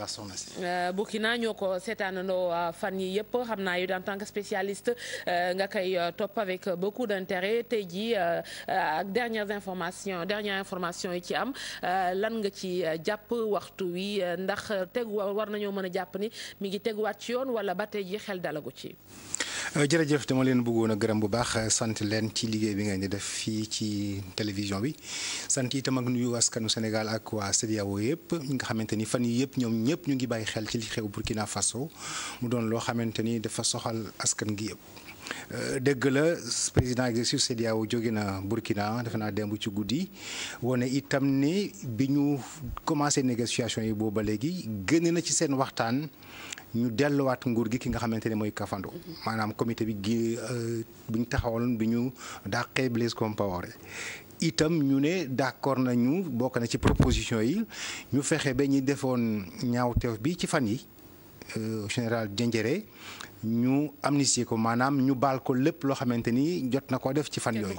baax soxna si. Euh, Burkina ñoo ko seetaanandoo euh, fan yi yëpp xam naa yi en tant que spécialiste euh, nga koy topp avec beaucoup d' tey jii ak dernières information dernière information yi ci am lan nga ci jàpp waxtu wi ndax tegu war nañoo mën a jàpp ni mi ngi teguwaat ci yoon wala ba tey jii xel dalagu ci. Euh, jërëjëf dama leen bëggoon a gërëm bu baax euh, sant leen ci liggéey bi ngeen di def fii ci télévision bi sant itam ak nuyu askanu Sénégal ak waa CEDEAO yëpp ñi nga xamante ni fan yi yëpp ñoom ñëpp ñu ngi bàyyi xel ci li xew Burkina Faso mu doon loo xamante ni dafa soxal askan gi yëpp. Euh, dëgg la président exécutif CEDEAO jóge na Burkina defe naa démb ci guddi wane itam ne bi ñu commencé négociation yi booba léegi génn na ci seen waxtaan. ñu delluwaat nguur gi ki nga xamante ne mooy Kafando maanaam comité bi gi euh, bu ñu taxawaloon bi ñu dàqee Blaise Compaoré itam ñu ne d'accord nañu bokk na ci proposition yi ñu fexe ba ñi defoon ñaaw teew bi ci fan yi euh, général Diendéré ñu amnistie ko maanaam ñu baal ko lépp loo xamante ni jot na ko def ci fan yooyu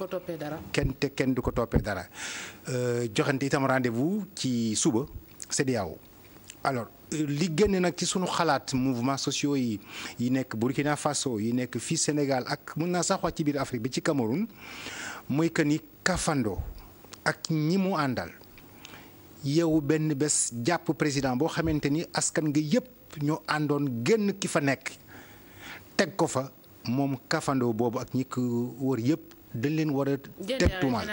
kenn te kenn du ko toppee dara euh, joxante itam rendez-vous ci suba CEDEAO alors li génne nag ci suñu xalaat mouvement sociaux yi yi nekk Burkina Faso yi nekk fii Sénégal ak mun naa sax ci biir Afrique bi ci Cameroun mooy que ni kafando ak ñi mu àndal yow benn bés jàpp président boo xamante ni askan nga yëpp ñoo àndoon génn ki fa nekk teg ko fa moom kafando boobu ak ñi ko wër yëpp. dañ leen war a teg tuuma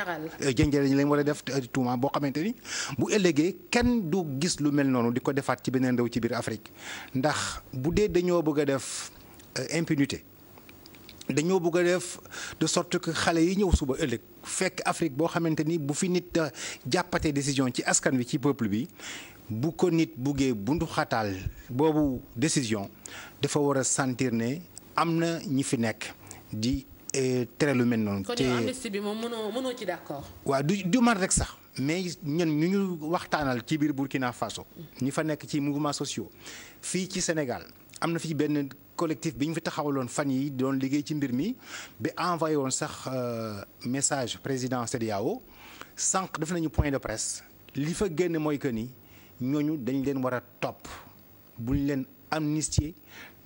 jënjëriñ euh, leen war a def euh, tuuma boo xamante ni bu ëllëgee kenn du gis lu mel noonu di ko defaat ci beneen réew ci biir Afrique ndax bu dee dañoo bëgg a def euh, impunité dañoo bëgg a def de sorte que xale yi ñëw suba ëllëg fekk Afrique boo xamante ni bu fi nit jàppatee décision ci askan wi ci peuple bi bu ko nit buggee bundu xataal boobu décision dafa war a sentir ne am na ñi fi nekk di tere lu mel noonu. te amnistie moom mënoo ci d'accord. waaw du du man rek sax mais ñun ñu ñu waxtaanal ci biir Burkina Faso. ñi fa nekk ci mouvement sociaux. fii ci Sénégal am na fi benn collectif bi ñu fi taxawaloon fan yi doon liggéey ci mbir mi bi envoyé woon sax euh, message président CEDEAO sànq def nañu point de presse. li fa génn mooy que ni ñooñu dañ leen war a topp buñ leen amnistier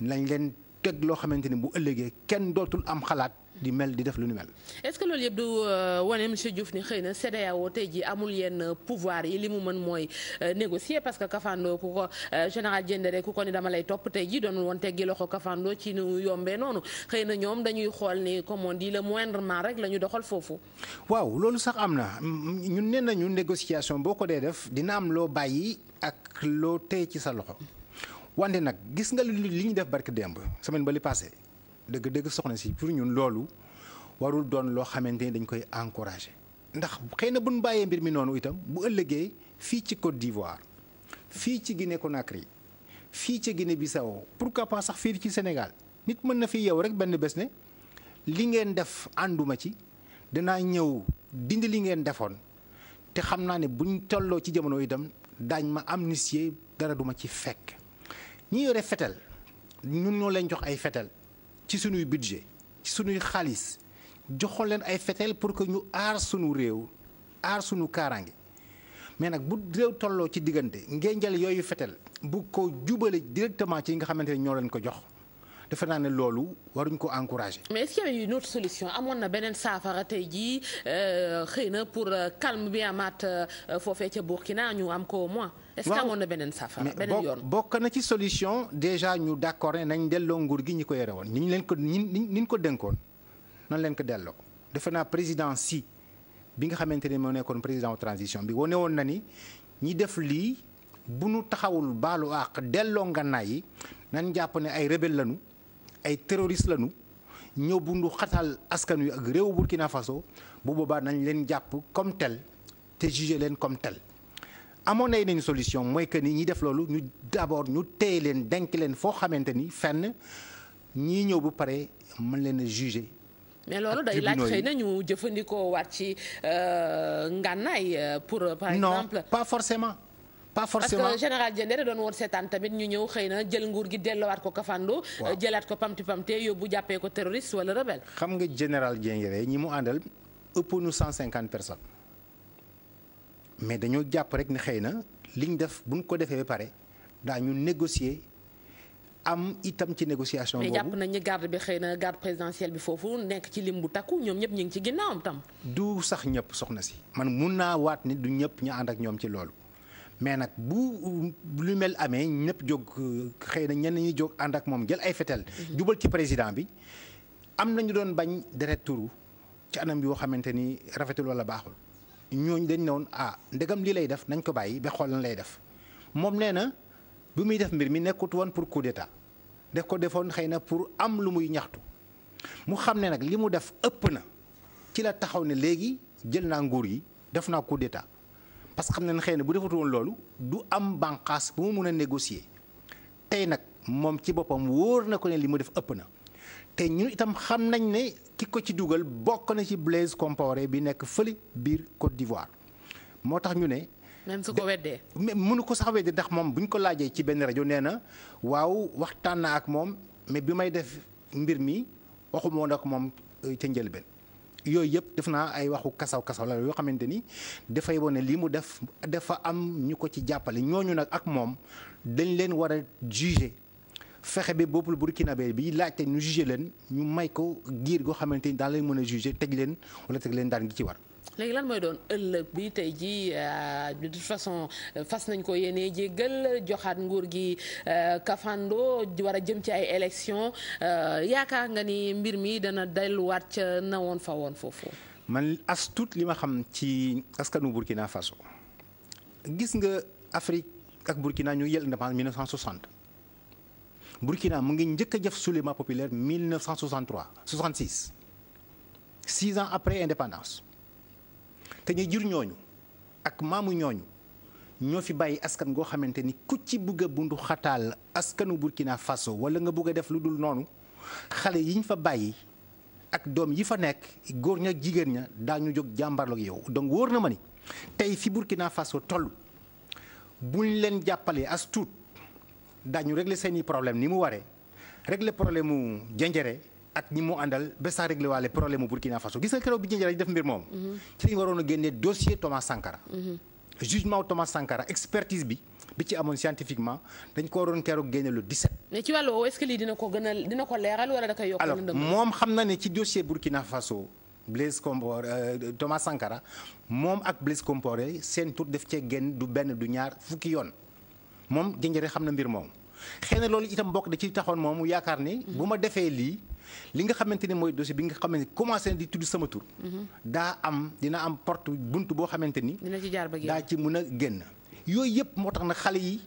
nañ leen teg loo xamante ni bu ëllëgee kenn dootul am xalaat. di mel di def lu nu mel. est-ce que loolu yëpp du euh, wane monsieur Diouf ni xëy na CEDEAO tey jii amul yenn pouvoir yi li mu mën mooy euh, négocier parce que Kafando ku ko euh, général Diendéré ku ko ni dama lay topp tey jii doonul woon teggi loxo kafandoo ci nu yombee noonu xëy na ñoom dañuy xool ni comme on dit le moindrement rek la ñu doxal foofu. waaw loolu sax am na ñun nee nañu négociation boo ko dee def dina am loo bàyyi ak loo téye ci sa loxo wante nag gis nga li ñu def barki démb semaine ba li passé dëgg-dëgg soxna si pour ñun loolu warul doon loo xamante ni dañ koy encouragé ndax xëy na bu bàyyee mbir mi noonu itam bu ëllëgee fii ci Côte d'Ivoire fii ci Guinée Conakry fii ci gine Guinée Bissau pourquoi pas sax fii ci Sénégal nit mën na fi yow rek benn bés ne li ngeen def ànduma ci danaa ñëw dindi li ngeen defoon te xam naa ne buñ tolloo ci jamono itam daañ ma amnistie dara duma ci fekk ñi yore fetel ñun ñoo leen jox ay fetel ci sunuy budget ci sunuy xaalis joxoon leen ay fetel pour que ñu aar sunu réew aar sunu kaaraange mais nag bu réew tolloo ci diggante ngeen jël yooyu fetel bu ko jubalee directement ci nga xamante ne ñoo leen ko jox defe naa ne loolu waruñ ko encourager. mais est-ce y a une autre solution amoon na beneen saafara tey jii euh, xëy na pour euh, calme bi amaat euh, foofee ca Burkina ñu am ko au moins. est-ce que amoon na beneen saafara beneen yoon bokk na ci solution déjà ñu d'accord ne nañ delloo nguur gi ñi ko yore woon ni ñu leen ko ni ñu ko dénkoon noonu leen ko delloo defe naa président si bi nga xamante ne moo nekkoon président transition bi wane woon na ni ñi def lii bu nu taxawul baalu àq delloo nga yi nañ jàpp ne ay rebelle ay terroriste lañu ñëw bundu xatal askan wi ak réew Burkina Faso bu boobaa nañ leen jàpp comme tel te juger leen comme tel amoon nay nañ solution mooy que nii ñi def loolu ñu d'abord ñu téye leen denk leen foo xamante ni fenn ñii ñëw bu pare mën leen a mais loolu day laaj xëy na jëfandikoo waat ci euh, ngànnaay euh, pour par exemple pas forcément pas forcément parce que général Diène da doon woon seetaan tamit ñu ñëw xëy na jël nguur gi dellowaat ko Kafando. waaw euh, jëlaat ko pamti pamte yóbbu jàppee ko terroriste wala rebelle. xam nga général Diène ñi mu àndal ëpp nu cent 150 personne mais dañoo jàpp rek ni xëy na liñ def buñ ko defee ba pare ñu négocier am itam ci négociation. boobu mais jàpp nañ ni garde bi xëy na garde présidentielle bi foofu nekk ci lim bu takku ñoom ñëpp ñu ngi ci ginnaawam tam. du sax ñëpp soxna si man mun naa waat ni du ñëpp ñu ànd ak ñoom ci loolu. mais nag bu lu mel amee ñëpp jóg xëy na ñenn ñi jóg ànd ak moom jël ay fetel mhm. jubal ci président bi am nañu doon bañ deret turu ci anam yoo xamante ni rafetul wala baaxul ñooñ dañ ne woon ah ndegam lii lay def nañ ko bàyyi ba xool lan lay def moom nee na bi muy def mbir mi nekkut woon pour coup d'état def ko defoon xëy na pour am lu muy ñaxtu mu xam ne nag li mu def ëpp na ci la taxaw ne léegi jël naa nguur yi def naa coup d'état parce que xam na ne xëy na bu defatu woon loolu du am bànqaas bu mu mun a négocier tey nag moom ci boppam wóor na ko ne li mu def ëpp na te ñun itam xam nañ ne ki ko ci dugal bokk na ci Blaise Compaoré bi nekk fële biir Côte d'Ivoire moo tax ñu ne. même su ko weddee. mënu ko sax weddee ndax moom bu ñu ko laajee ci benn rajo nee na waaw waxtaan naa ak moom mais bi may def mbir mi waxumoo woon ak moom euh, ca njëlbeen. yooyu yëpp def naa ay waxu kasaw kasaw la yoo xamante ni dafay wane lii mu def dafa am ñu ko ci jàppale ñooñu nag ak moom dañ leen war a juger fexe bi peuple burkinabé bi laajte ñu juger leen ñu may ko giir goo xamante ni daal lay mën a juger teg leen wala teg leen daan gi ci war. léegi lan mooy doon ëllëg bi tey jii euh, de toute façon euh, fas nañ ko yéenee jéggal joxaat nguur gi euh, kafando war a jëm ci ay élections yaakaar nga ni mbir mi dana delluwaat ca na woon fa woon foofu. man as tuut li ma xam ci askanu Burkina Faso gis nga Afrique ak Burkina ñu yel indépendance 1960 Burkina mu ngi njëkk a jëf soulèvement populaire 1963 66 six ans après indépendance. te ñu jur ñooñu ak maamu ñooñu ñoo fi bàyyi askan goo xamante ni ku ci bëgg a bundu xataal askanu Burkina Faso wala nga bëgg a def lu dul noonu xale yi ñu fa bàyyi ak doom yi fa nekk góor ña jigéen ña daañu jóg jàmbarloog yow donc wóor na ma ni tey fi Burkina Faso toll buñ leen jàppalee as tuut daañu régler seeni problème ni mu waree régler problème mu jënjëre ak ñi mu àndal ba saa réglé problème mu Burkina Faso gis nga keroog bi ñu def mbir moom. ci lañu waroon a génnee dossier Thomas Sankara. jugement Thomas Sankara expertise bi bi ci amoon scientifiquement dañ ko waroon keroog génne le di mais ci wàllu woowu est-ce gën a dina ko leeral wala moom xam na ne ci dossier Burkina Faso Blaise Compaoré euh, Thomas Sankara moom ak Blaise Compaoré seen tur def cee génn du benn du ñaar fukki yoon moom jënjëre xam na mbir moom. xëy na loolu itam mbokk da ci taxoon moom yaakaar ni. bu ma defee lii. li nga xamante ni mooy dossier bi nga xamante ni commencé na di tudd sama tur. daa am dina am porte bunt boo xamante ni. dina jaar ba génn daa ci mun a génn. yooyu yëpp moo tax na xale yi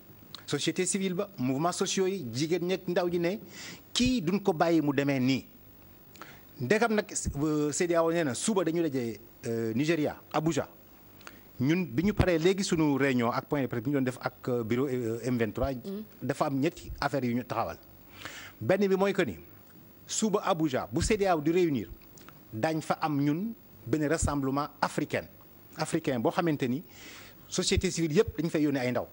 société civile ba mouvement sociaux yi jigéen ñeeg ndaw ji ne kii duñ ko bàyyi mu demee nii. ndegam nag euh, CEDEAO nee na suba dañu daje euh, Nigéria Abuja ñun bi ñu paree léegi sunu réunion ak point de presse bi ñu doon def ak euh, bureau m mm. dafa am ñetti affaires yu ñu taxawal benn bi mooy que ni. suba Abuja bu CEDEAO di réunir dañ fa am ñun benn rassemblement africain africain boo xamante ni société civile yëpp dañ fay yónnee ay ndaw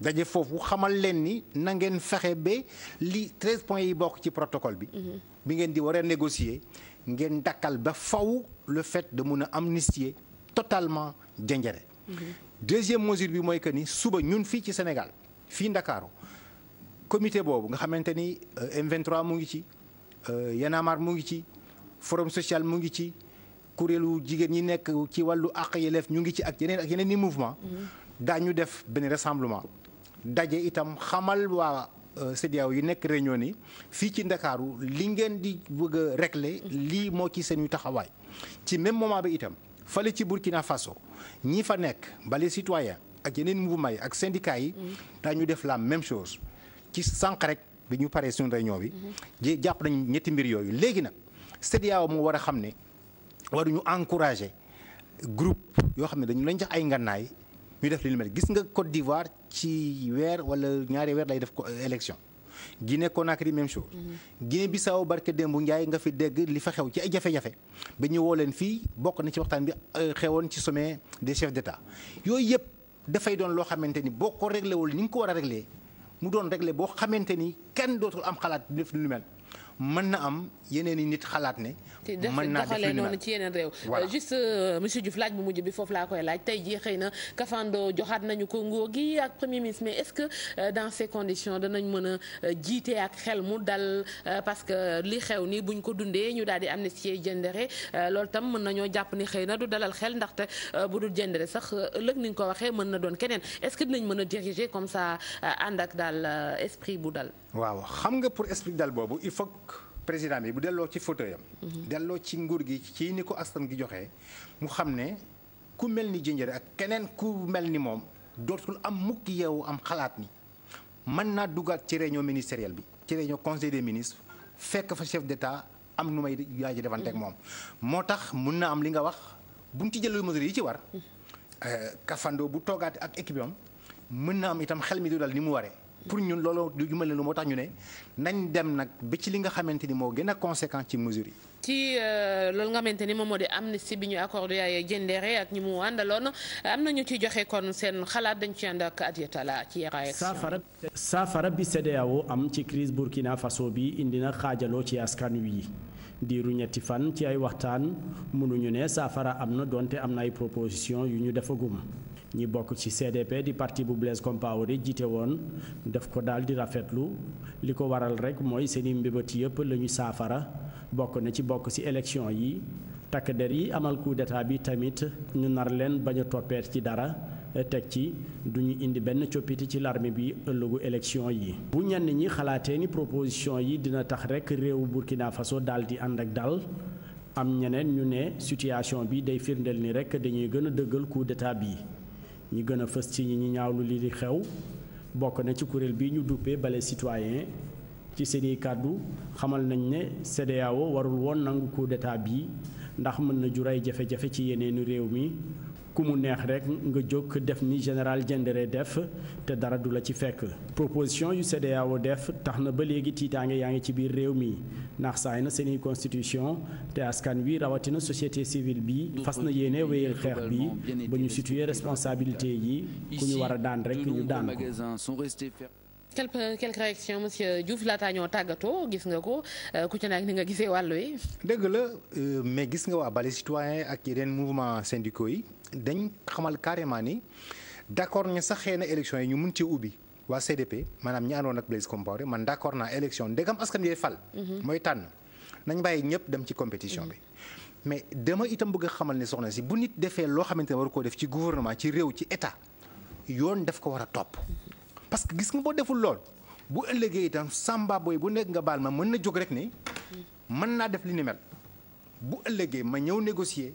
daje foofu xamal leen ni nangeen fexe ba li treize points yi bokk ci protocole bi. Mhm. bi ngeen di waree a négocier ngeen dakkal ba faw le fait de mun a amnistier totalement Diendéré. Mhm. deuxième mesure bi mooy que ni suba ñun fii ci Sénégal fii Ndakaaru comité boobu nga xamante ni euh, m mu ngi ci. Euh, Y'en a mu ngi ci forum social mu ngi ci kuréelu jigéen ñi nekk ci wàllu àq yelleef ñu ngi ci ak yeneen ak yeneen ni mouvement mm-hmm. daañu def benn rassemblement daje itam xamal waa euh, CEDEAO yi nekk réunion ni fii ci Ndakaaru li ngeen di bëgg a régler mm-hmm. lii moo ci seen yu taxawaay ci même moment bi itam fale ci Burkina Faso ñi fa nekk bale citoyen ak yeneen mouvement yi ak syndicat yi mm-hmm. daañu def la même chose ci sànq rek bi ñu paree suñu ñoo bi. ji jàpp nañ ñetti mbir yooyu léegi nag CEDEAO moo war a xam ne waruñu encourager groupe yoo xam ne dañu lañ jax ay ngannaay ñu def li ñu mel gis nga Côte d'Ivoire ci weer wala ñaari weer lay def ko euh, élection. Guinée Conakry même chose. Mm-hmm. Guinée Bissau barke démb Ndiaye nga fi dégg li fa xew ci ay jafe-jafe ba ñu woo leen fii bokk na ci waxtaan bi euh, xewoon ci sommet des chefs d'État yooyu yëpp dafay doon loo xamante ni boo ko réglé ni nga ko war a réglé mu doon réglé boo xamante ni kenn dootul am xalaat def lu mel. mën na am yeneen i nit xalaat ne. mën naa def doxalee noonu ci yeneen réew. Euh, juste euh, monsieur Diouf laaj bu mujj bi foofu laa koy laaj tey ji xëy na Kafando joxaat nañu ko nguur gi ak premier ministre mais est-ce que euh, dans ces conditions danañ mën a jiite ak xel mu dal parce que li xew nii buñ ko dundee ñu daal di am ne amnistie jëndere loolu tam mën nañoo jàpp ni xëy na du dalal xel ndaxte bu dul jëndere sax ëllëg ni ko waxee mën na doon keneen est-ce que dinañ mën a diriger comme ça ànd ak daal esprit bu dal. waaw xam nga pour esprit dal boobu il faut président bi bu delloo ci fauteuil yam mhm. delloo ci nguur gi ci ni ko askan gi joxe mu xam ne ku mel ni Dieng ak keneen ku mel ni moom dootul am mukk yeewu am xalaat ni mën naa dugaat ci réunion ministérielle bi ci réunion conseil des ministres fekk fa chef d'état am nu may yaay ji defanteeg mhm. moom. moo tax mun naa am li nga wax buñ ci jëlee mesures yi ci war. Mhm. Euh, kafando bu toogaate ak équipe am mën na am itam xel mi du ni mu waree. pour ñun loolu lu mel lu moo tax ñu ne nañ dem nag bi ci li nga xamante ni moo gën a conséquent ci mesure ci euh, loolu nga xamante ni moom moo di amnistie bi ñu accordé ay jëndeere ak ñi mu àndaloon am na ñu ci joxe kon seen xalaat dañ ci ànd ak Adiatala ci RAS. saafara saafara bi CEDEAO am ci crise Burkina Faso bi indi na xaajaloo ci askan wi diiru ñetti fan ci ay waxtaan mënuñu ne saafara am na donte am na ay proposition yu ñu defagum. ñi bokk ci CDP di parti bu Blaise Compaoré jiite woon daf ko daal di rafetlu li ko waral rek mooy seeni mbébét yëpp la saafara bokk na ci bokk ci élection yi takk der yi amal coup d'état bi tamit ñu nar leen bañ a toppeet ci dara teg ci duñu indi benn coppite ci l'armée bi ëllëgu élection yi. bu ñenn ñi xalaatee ni proposition yi dina tax rek réew Burkina Faso daal di ànd ak dal am ñeneen ñu ne situation bi day firndeel ni rek dañuy gën a dëggal coup d'état bi. ñi gën a fës ci ñi ñi ñaawlu li di xew bokk na ci kuréel bi ñu duppee bale citoyen ci seeni kàddu xamal nañ ne CEDEAO warul woon nangu coup d'état bii ndax mën na jur ay jafe-jafe ci yeneenu réew mi ku mu neex rek nga jóg def ni général Diendéré def te dara du la ci fekk proposition yu CEDEAO def tax na ba léegi tiitaange yaa ngi ci biir réew mi ndax saay na seeni constitution te askan wi rawatina société civile bi fas euh, na yéene wéyal xeex bi ba ñu situer responsabilité yi ku ñu war a daan rek ñu daan ko quelque quelque réaction monsieur Diouf laataa ñoo tàggatoo gis nga ko euh, ku ci ni nga gisee wàll wi. dëgg la euh, mais gis nga waa Balai citoyen ak yeneen mouvement syndicaux yi dañ xamal carrément ni d'accord ñu sax xëy na élection yi ñu mun ci ubbi waa CDP maanaam ñi àndoon ak Blaise Compaoré man d'accord naa élection ndegam askan wi fal. Mhm. mooy tànn nañ bàyyi ñëpp dem ci compétition bi. Mhm. mais dama itam bëgg a xamal ne soxna si bu nit defee loo xamante ne war koo def ci gouvernement ci réew ci état yoon daf ko war a topp. Mhm. parce que gis nga boo deful lool bu ëllëgee itam samba booy bu nekk nga baal ma mën na jóg rek ni mën naa def li ni mel bu ëllëgee ma ñëw négocier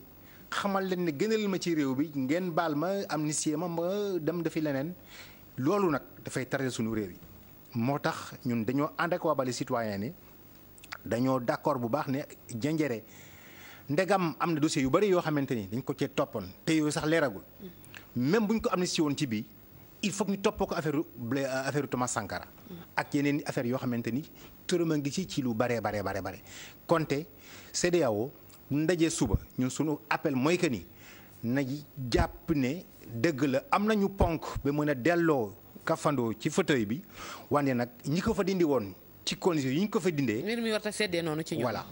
xamal leen ne gënal ma ci réew bi ngeen baal ma amnistie ma ma dem defi leneen loolu nag dafay tardé suñu réew yi. moo tax ñun dañoo ànd ak waa Balai citoyen ni dañoo d'accord bu baax ne jënjëre ndegam am na dossier yu bari yoo xamante ni dañ ko cee toppoon te yooyu sax leeragul même buñ ko am amnistie woon ci bii. il faut ñu toppoo ko affaire euh, affaire Thomas Sankara. ak yeneen affaire yoo xamante ni turam a ngi ci ci lu baree baree bare bare Konte CEDEAO ndaje suba ñun suñu appel mooy que ni na jàpp ne dëgg la am nañu ponk ba mën a delloo kafandoo ci fauteuil bi wante nag ñi ko fa dindi woon. ci condition yi ñu ko fa dindee. mbir mi war a noonu ci ñoom. voilà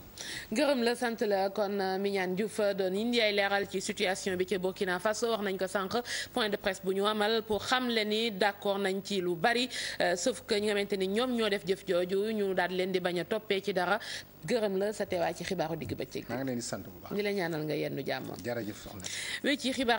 gërëm la sant la kon euh, Mignane Diouf euh, doon indi ay leeral ci situation bi ci Burkina Faso wax nañ ko sànq point de presse bu ñu amal pour xam leen ni d'accord nañ ci lu bari euh, sauf que nga xamante ni ñoom ñoo def jëf jooju ñu daal leen di bañ a toppee ci dara gërëm la sa teewaay ci xibaaru digg bëccëg. maa ngi leen di sant bu baax di la ñaanal nga yenn jàmm. jërëjëf soxna.